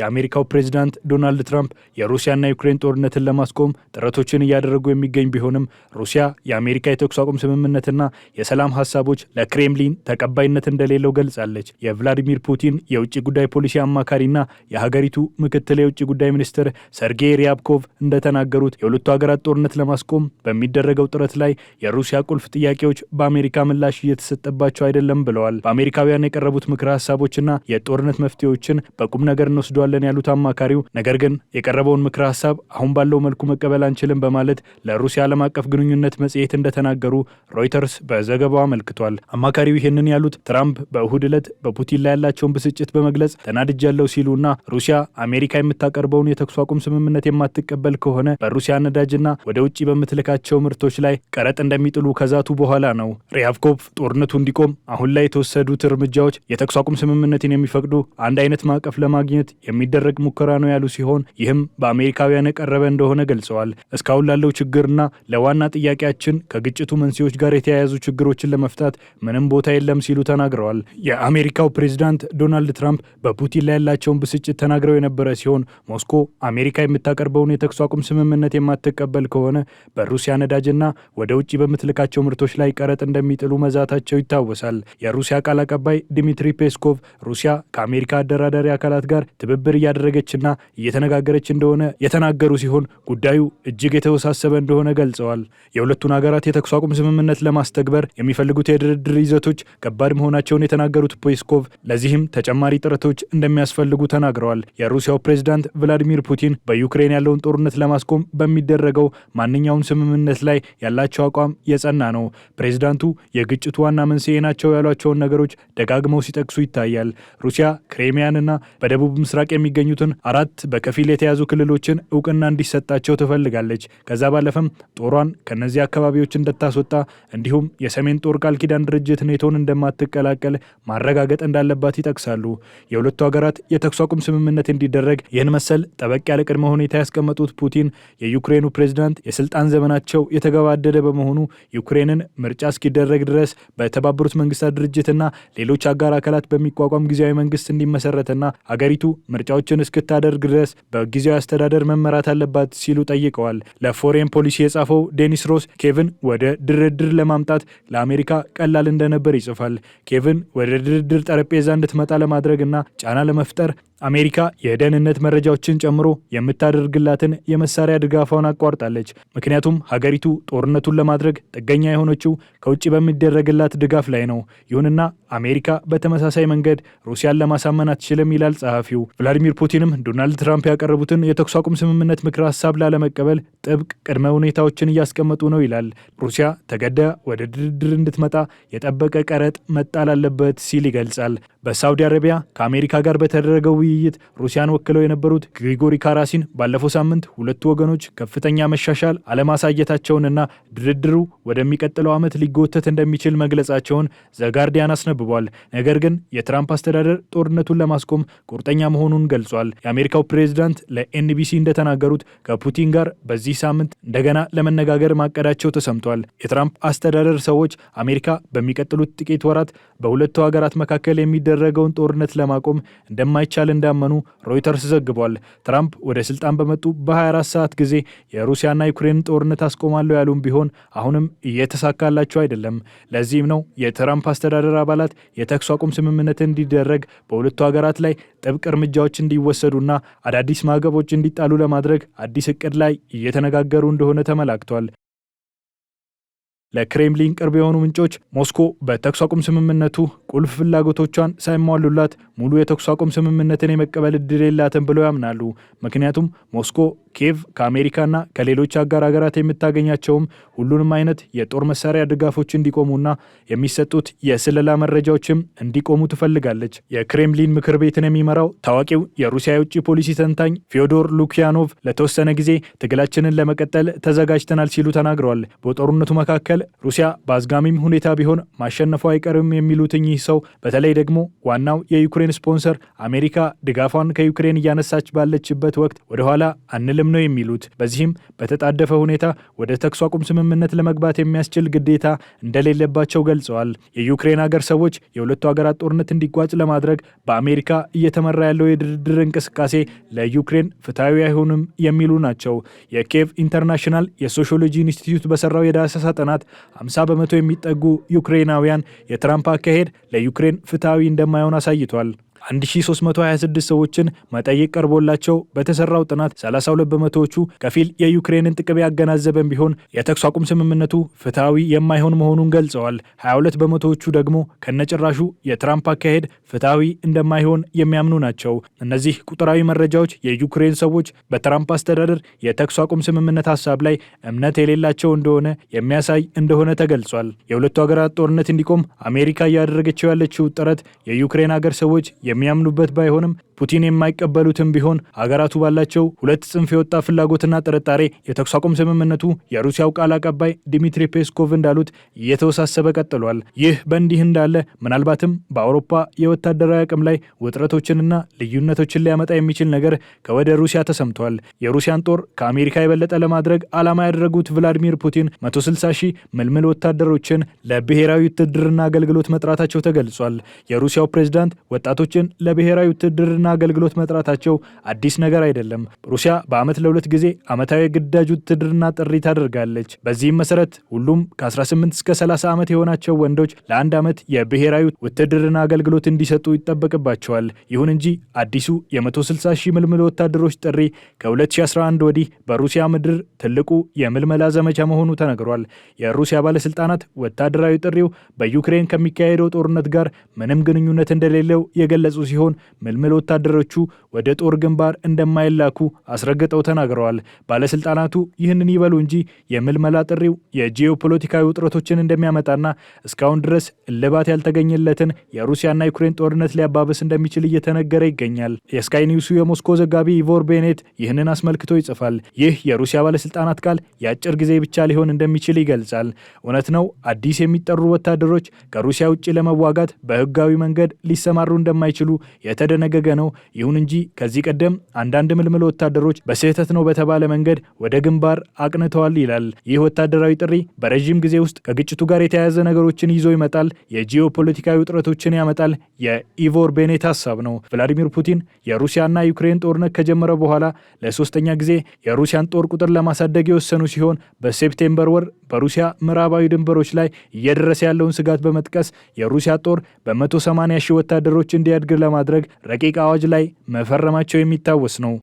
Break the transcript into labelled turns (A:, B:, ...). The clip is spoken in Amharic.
A: የአሜሪካው ፕሬዚዳንት ዶናልድ ትራምፕ የሩሲያና ዩክሬን ጦርነትን ለማስቆም ጥረቶችን እያደረጉ የሚገኝ ቢሆንም ሩሲያ የአሜሪካ የተኩስ አቁም ስምምነትና የሰላም ሀሳቦች ለክሬምሊን ተቀባይነት እንደሌለው ገልጻለች። የቭላዲሚር ፑቲን የውጭ ጉዳይ ፖሊሲ አማካሪና የሀገሪቱ ምክትል የውጭ ጉዳይ ሚኒስትር ሰርጌይ ሪያብኮቭ እንደተናገሩት የሁለቱ ሀገራት ጦርነት ለማስቆም በሚደረገው ጥረት ላይ የሩሲያ ቁልፍ ጥያቄዎች በአሜሪካ ምላሽ እየተሰጠባቸው አይደለም ብለዋል። በአሜሪካውያን የቀረቡት ምክረ ሀሳቦችና የጦርነት መፍትሄዎችን በቁም ነገር እንወስደ እንወስደዋለን ያሉት አማካሪው፣ ነገር ግን የቀረበውን ምክረ ሀሳብ አሁን ባለው መልኩ መቀበል አንችልም በማለት ለሩሲያ ዓለም አቀፍ ግንኙነት መጽሔት እንደተናገሩ ሮይተርስ በዘገባው አመልክቷል። አማካሪው ይህንን ያሉት ትራምፕ በእሁድ ዕለት በፑቲን ላይ ያላቸውን ብስጭት በመግለጽ ተናድጃለሁ እና ሩሲያ አሜሪካ የምታቀርበውን የተኩስ አቁም ስምምነት የማትቀበል ከሆነ በሩሲያ ነዳጅና ወደ ውጭ በምትልካቸው ምርቶች ላይ ቀረጥ እንደሚጥሉ ከዛቱ በኋላ ነው። ሪያብኮቭ ጦርነቱ እንዲቆም አሁን ላይ የተወሰዱት እርምጃዎች የተኩስ አቁም ስምምነትን የሚፈቅዱ አንድ አይነት ማዕቀፍ ለማግኘት የሚደረግ ሙከራ ነው ያሉ ሲሆን ይህም በአሜሪካውያን የቀረበ እንደሆነ ገልጸዋል። እስካሁን ላለው ችግርና ለዋና ጥያቄያችን ከግጭቱ መንስኤዎች ጋር የተያያዙ ችግሮችን ለመፍታት ምንም ቦታ የለም ሲሉ ተናግረዋል። የአሜሪካው ፕሬዚዳንት ዶናልድ ትራምፕ በፑቲን ላይ ያላቸውን ብስጭት ተናግረው የነበረ ሲሆን ሞስኮ አሜሪካ የምታቀርበውን የተኩስ አቁም ስምምነት የማትቀበል ከሆነ በሩሲያ ነዳጅና ወደ ውጭ በምትልካቸው ምርቶች ላይ ቀረጥ እንደሚጥሉ መዛታቸው ይታወሳል። የሩሲያ ቃል አቀባይ ዲሚትሪ ፔስኮቭ ሩሲያ ከአሜሪካ አደራዳሪ አካላት ጋር ትብብ ትብብር እያደረገችና እየተነጋገረች እንደሆነ የተናገሩ ሲሆን ጉዳዩ እጅግ የተወሳሰበ እንደሆነ ገልጸዋል። የሁለቱን ሀገራት የተኩስ አቁም ስምምነት ለማስተግበር የሚፈልጉት የድርድር ይዘቶች ከባድ መሆናቸውን የተናገሩት ፔስኮቭ ለዚህም ተጨማሪ ጥረቶች እንደሚያስፈልጉ ተናግረዋል። የሩሲያው ፕሬዝዳንት ቭላዲሚር ፑቲን በዩክሬን ያለውን ጦርነት ለማስቆም በሚደረገው ማንኛውም ስምምነት ላይ ያላቸው አቋም የጸና ነው። ፕሬዝዳንቱ የግጭቱ ዋና መንስኤ ናቸው ያሏቸውን ነገሮች ደጋግመው ሲጠቅሱ ይታያል። ሩሲያ ክሬሚያንና በደቡብ ምስራቅ የሚገኙትን አራት በከፊል የተያዙ ክልሎችን እውቅና እንዲሰጣቸው ትፈልጋለች። ከዛ ባለፈም ጦሯን ከእነዚህ አካባቢዎች እንደታስወጣ እንዲሁም የሰሜን ጦር ቃል ኪዳን ድርጅት ኔቶን እንደማትቀላቀል ማረጋገጥ እንዳለባት ይጠቅሳሉ። የሁለቱ ሀገራት የተኩስ አቁም ስምምነት እንዲደረግ ይህን መሰል ጠበቅ ያለ ቅድመ ሁኔታ ያስቀመጡት ፑቲን የዩክሬኑ ፕሬዝዳንት የስልጣን ዘመናቸው የተገባደደ በመሆኑ ዩክሬንን ምርጫ እስኪደረግ ድረስ በተባበሩት መንግስታት ድርጅትና ሌሎች አጋር አካላት በሚቋቋም ጊዜያዊ መንግስት እንዲመሰረትና አገሪቱ ምርጫዎችን እስክታደርግ ድረስ በጊዜያዊ አስተዳደር መመራት አለባት ሲሉ ጠይቀዋል። ለፎሬን ፖሊሲ የጻፈው ዴኒስ ሮስ ኬቭን ወደ ድርድር ለማምጣት ለአሜሪካ ቀላል እንደነበር ይጽፋል። ኬቭን ወደ ድርድር ጠረጴዛ እንድትመጣ ለማድረግ እና ጫና ለመፍጠር አሜሪካ የደህንነት መረጃዎችን ጨምሮ የምታደርግላትን የመሳሪያ ድጋፏን አቋርጣለች። ምክንያቱም ሀገሪቱ ጦርነቱን ለማድረግ ጥገኛ የሆነችው ከውጭ በሚደረግላት ድጋፍ ላይ ነው። ይሁንና አሜሪካ በተመሳሳይ መንገድ ሩሲያን ለማሳመን አትችልም ይላል ጸሐፊው። ቭላዲሚር ፑቲንም ዶናልድ ትራምፕ ያቀረቡትን የተኩስ አቁም ስምምነት ምክር ሀሳብ ላለመቀበል ጥብቅ ቅድመ ሁኔታዎችን እያስቀመጡ ነው ይላል። ሩሲያ ተገዳ ወደ ድርድር እንድትመጣ የጠበቀ ቀረጥ መጣል አለበት ሲል ይገልጻል። በሳውዲ አረቢያ ከአሜሪካ ጋር በተደረገው ውይይት ሩሲያን ወክለው የነበሩት ግሪጎሪ ካራሲን ባለፈው ሳምንት ሁለቱ ወገኖች ከፍተኛ መሻሻል አለማሳየታቸውንና ድርድሩ ወደሚቀጥለው ዓመት ሊጎተት እንደሚችል መግለጻቸውን ዘጋርዲያን አስነብቧል። ነገር ግን የትራምፕ አስተዳደር ጦርነቱን ለማስቆም ቁርጠኛ መሆኑን ገልጿል። የአሜሪካው ፕሬዝዳንት ለኤንቢሲ እንደተናገሩት ከፑቲን ጋር በዚህ ሳምንት እንደገና ለመነጋገር ማቀዳቸው ተሰምቷል። የትራምፕ አስተዳደር ሰዎች አሜሪካ በሚቀጥሉት ጥቂት ወራት በሁለቱ ሀገራት መካከል የሚደረገውን ጦርነት ለማቆም እንደማይቻል እንዳመኑ ሮይተርስ ዘግቧል። ትራምፕ ወደ ስልጣን በመጡ በ24 ሰዓት ጊዜ የሩሲያና ዩክሬን ጦርነት አስቆማለሁ ያሉም ቢሆን አሁንም እየተሳካላቸው አይደለም። ለዚህም ነው የትራምፕ አስተዳደር አባላት የተኩስ አቁም ስምምነት እንዲደረግ በሁለቱ ሀገራት ላይ ጥብቅ እርምጃዎች እንዲወሰዱና አዳዲስ ማዕቀቦች እንዲጣሉ ለማድረግ አዲስ እቅድ ላይ እየተነጋገሩ እንደሆነ ተመላክቷል። ለክሬምሊን ቅርብ የሆኑ ምንጮች ሞስኮ በተኩስ አቁም ስምምነቱ ቁልፍ ፍላጎቶቿን ሳይሟሉላት ሙሉ የተኩስ አቁም ስምምነትን የመቀበል እድል የላትም ብለው ያምናሉ። ምክንያቱም ሞስኮ ኬቭ ከአሜሪካና ከሌሎች አጋር ሀገራት የምታገኛቸውም ሁሉንም አይነት የጦር መሳሪያ ድጋፎች እንዲቆሙና የሚሰጡት የስለላ መረጃዎችም እንዲቆሙ ትፈልጋለች። የክሬምሊን ምክር ቤትን የሚመራው ታዋቂው የሩሲያ የውጭ ፖሊሲ ተንታኝ ፊዮዶር ሉኪያኖቭ ለተወሰነ ጊዜ ትግላችንን ለመቀጠል ተዘጋጅተናል ሲሉ ተናግረዋል። በጦርነቱ መካከል ሩሲያ በአዝጋሚም ሁኔታ ቢሆን ማሸነፉ አይቀርም የሚሉት እኚህ ሰው በተለይ ደግሞ ዋናው የዩክሬን ስፖንሰር አሜሪካ ድጋፏን ከዩክሬን እያነሳች ባለችበት ወቅት ወደኋላ አንልም ነው የሚሉት። በዚህም በተጣደፈ ሁኔታ ወደ ተኩስ አቁም ስምምነት ለመግባት የሚያስችል ግዴታ እንደሌለባቸው ገልጸዋል። የዩክሬን ሀገር ሰዎች የሁለቱ ሀገራት ጦርነት እንዲጓጭ ለማድረግ በአሜሪካ እየተመራ ያለው የድርድር እንቅስቃሴ ለዩክሬን ፍትሐዊ አይሆንም የሚሉ ናቸው። የኬቭ ኢንተርናሽናል የሶሽሎጂ ኢንስቲትዩት በሰራው የዳሰሳ ጥናት 50 በመቶ የሚጠጉ ዩክሬናውያን የትራምፕ አካሄድ ለዩክሬን ፍትሐዊ እንደማይሆን አሳይቷል። 1326 ሰዎችን መጠይቅ ቀርቦላቸው በተሰራው ጥናት 32 በመቶዎቹ ከፊል የዩክሬንን ጥቅም ያገናዘበን ቢሆን የተኩስ አቁም ስምምነቱ ፍትሐዊ የማይሆን መሆኑን ገልጸዋል። 22 በመቶዎቹ ደግሞ ከነጭራሹ የትራምፕ አካሄድ ፍትሐዊ እንደማይሆን የሚያምኑ ናቸው። እነዚህ ቁጥራዊ መረጃዎች የዩክሬን ሰዎች በትራምፕ አስተዳደር የተኩስ አቁም ስምምነት ሀሳብ ላይ እምነት የሌላቸው እንደሆነ የሚያሳይ እንደሆነ ተገልጿል። የሁለቱ ሀገራት ጦርነት እንዲቆም አሜሪካ እያደረገችው ያለችው ጥረት የዩክሬን ሀገር ሰዎች የሚያምኑበት ባይሆንም ፑቲን የማይቀበሉትም ቢሆን ሀገራቱ ባላቸው ሁለት ጽንፍ የወጣ ፍላጎትና ጥርጣሬ የተኩስ አቁም ስምምነቱ የሩሲያው ቃል አቀባይ ዲሚትሪ ፔስኮቭ እንዳሉት እየተወሳሰበ ቀጥሏል። ይህ በእንዲህ እንዳለ ምናልባትም በአውሮፓ የወታደራዊ አቅም ላይ ውጥረቶችንና ልዩነቶችን ሊያመጣ የሚችል ነገር ከወደ ሩሲያ ተሰምቷል። የሩሲያን ጦር ከአሜሪካ የበለጠ ለማድረግ ዓላማ ያደረጉት ቭላዲሚር ፑቲን 160 ሺህ ምልምል ወታደሮችን ለብሔራዊ ውትድርና አገልግሎት መጥራታቸው ተገልጿል። የሩሲያው ፕሬዝዳንት ወጣቶችን ሰዎችን ለብሔራዊ ውትድርና አገልግሎት መጥራታቸው አዲስ ነገር አይደለም። ሩሲያ በዓመት ለሁለት ጊዜ ዓመታዊ ግዳጅ ውትድርና ጥሪ ታደርጋለች። በዚህም መሰረት ሁሉም ከ18 እስከ 30 ዓመት የሆናቸው ወንዶች ለአንድ ዓመት የብሔራዊ ውትድርና አገልግሎት እንዲሰጡ ይጠበቅባቸዋል። ይሁን እንጂ አዲሱ የ160 ሺህ ምልምል ወታደሮች ጥሪ ከ2011 ወዲህ በሩሲያ ምድር ትልቁ የምልመላ ዘመቻ መሆኑ ተነግሯል። የሩሲያ ባለስልጣናት ወታደራዊ ጥሪው በዩክሬን ከሚካሄደው ጦርነት ጋር ምንም ግንኙነት እንደሌለው የገለጸ የገለጹ ሲሆን ምልምል ወታደሮቹ ወደ ጦር ግንባር እንደማይላኩ አስረግጠው ተናግረዋል። ባለስልጣናቱ ይህንን ይበሉ እንጂ የምልመላ ጥሪው የጂኦፖለቲካዊ ውጥረቶችን እንደሚያመጣና እስካሁን ድረስ እልባት ያልተገኘለትን የሩሲያና ዩክሬን ጦርነት ሊያባብስ እንደሚችል እየተነገረ ይገኛል። የስካይ ኒውሱ የሞስኮ ዘጋቢ ኢቮር ቤኔት ይህንን አስመልክቶ ይጽፋል። ይህ የሩሲያ ባለስልጣናት ቃል የአጭር ጊዜ ብቻ ሊሆን እንደሚችል ይገልጻል። እውነት ነው፣ አዲስ የሚጠሩ ወታደሮች ከሩሲያ ውጭ ለመዋጋት በህጋዊ መንገድ ሊሰማሩ እንደማይችሉ የተደነገገ ነው። ይሁን እንጂ ከዚህ ቀደም አንዳንድ ምልምል ወታደሮች በስህተት ነው በተባለ መንገድ ወደ ግንባር አቅንተዋል ይላል። ይህ ወታደራዊ ጥሪ በረዥም ጊዜ ውስጥ ከግጭቱ ጋር የተያያዘ ነገሮችን ይዞ ይመጣል፣ የጂኦፖለቲካዊ ውጥረቶችን ያመጣል፣ የኢቮር ቤኔት ሀሳብ ነው። ቭላዲሚር ፑቲን የሩሲያና ዩክሬን ጦርነት ከጀመረ በኋላ ለሶስተኛ ጊዜ የሩሲያን ጦር ቁጥር ለማሳደግ የወሰኑ ሲሆን በሴፕቴምበር ወር በሩሲያ ምዕራባዊ ድንበሮች ላይ እየደረሰ ያለውን ስጋት በመጥቀስ የሩሲያ ጦር በ180 ሺህ ወታደሮች እንዲያድግ ለማድረግ ረቂቅ አዋጅ ላይ መፈ መፈረማቸው የሚታወስ ነው።